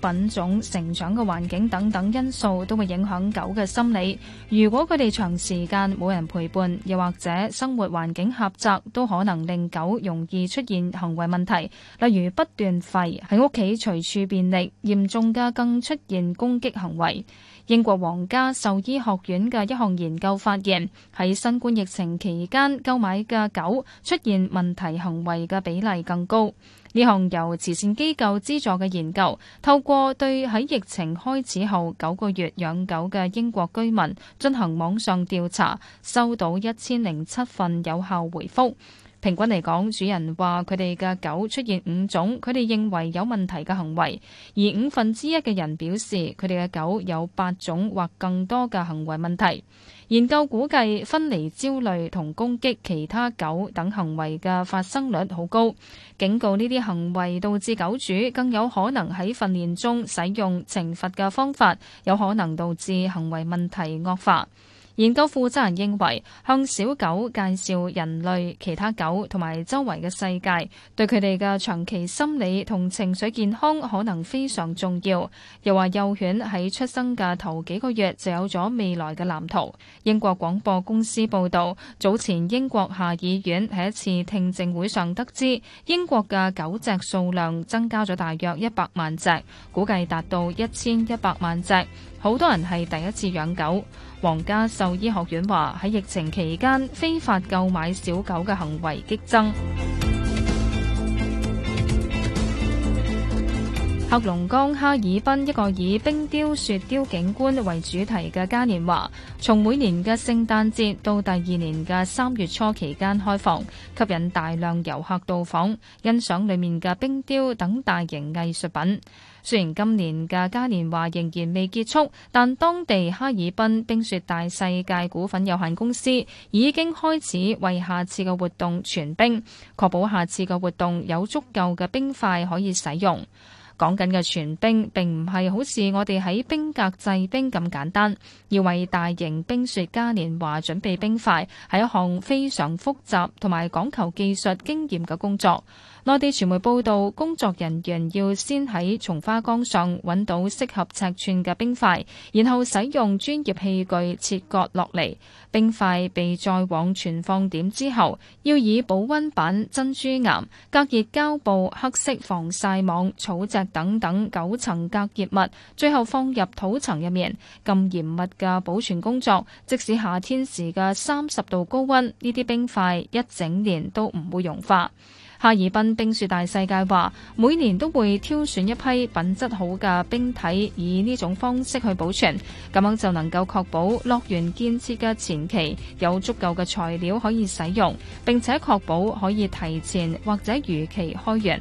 品種、成長嘅環境等等因素都會影響狗嘅心理。如果佢哋長時間冇人陪伴，又或者生活環境狹窄，都可能令狗容易出現行為問題，例如不斷吠、喺屋企隨處便溺，嚴重嘅更出現攻擊行為。英國皇家獸醫學院嘅一項研究發現，喺新冠疫情期間購買嘅狗出現問題行為嘅比例更高。呢項由慈善機構資助嘅研究，透過過對喺疫情開始後九個月養狗嘅英國居民進行網上調查，收到一千零七份有效回覆。平均嚟講，主人話，佢哋嘅狗出現五種佢哋認為有問題嘅行為。而五分之一嘅人表示，佢哋嘅狗有八種或更多嘅行為問題。研究估計分離焦慮同攻擊其他狗等行為嘅發生率好高。警告呢啲行為導致狗主更有可能喺訓練中使用懲罰嘅方法，有可能導致行為問題惡化。研究負責人認為，向小狗介紹人類、其他狗同埋周圍嘅世界，對佢哋嘅長期心理同情緒健康可能非常重要。又話幼犬喺出生嘅頭幾個月就有咗未來嘅藍圖，英國廣播公司報道，早前英國下議院喺一次聽證會上得知，英國嘅狗隻數量增加咗大約一百萬隻，估計達到一千一百萬隻。好多人係第一次養狗。皇家獸。醫學院話喺疫情期間，非法購買小狗嘅行為激增。黑龍江哈爾濱一個以冰雕、雪雕景觀為主題嘅嘉年華，從每年嘅聖誕節到第二年嘅三月初期間開放，吸引大量遊客到訪，欣賞裏面嘅冰雕等大型藝術品。雖然今年嘅嘉年華仍然未結束，但當地哈爾濱冰雪大世界股份有限公司已經開始為下次嘅活動存冰，確保下次嘅活動有足夠嘅冰塊可以使用。講緊嘅存冰並唔係好似我哋喺冰格製冰咁簡單，要為大型冰雪嘉年華準備冰塊，係一項非常複雜同埋講求技術經驗嘅工作。內地傳媒報道，工作人員要先喺松花江上揾到適合尺寸嘅冰塊，然後使用專業器具切割落嚟。冰塊被載往存放點之後，要以保溫板、珍珠岩、隔熱膠布、黑色防曬網、草席、等等九層隔熱物，最後放入土層入面，咁嚴密嘅保存工作，即使夏天時嘅三十度高温，呢啲冰塊一整年都唔會融化。哈爾濱冰雪大世界話，每年都會挑選一批品質好嘅冰體，以呢種方式去保存，咁樣就能夠確保樂園建設嘅前期有足夠嘅材料可以使用，並且確保可以提前或者如期開園。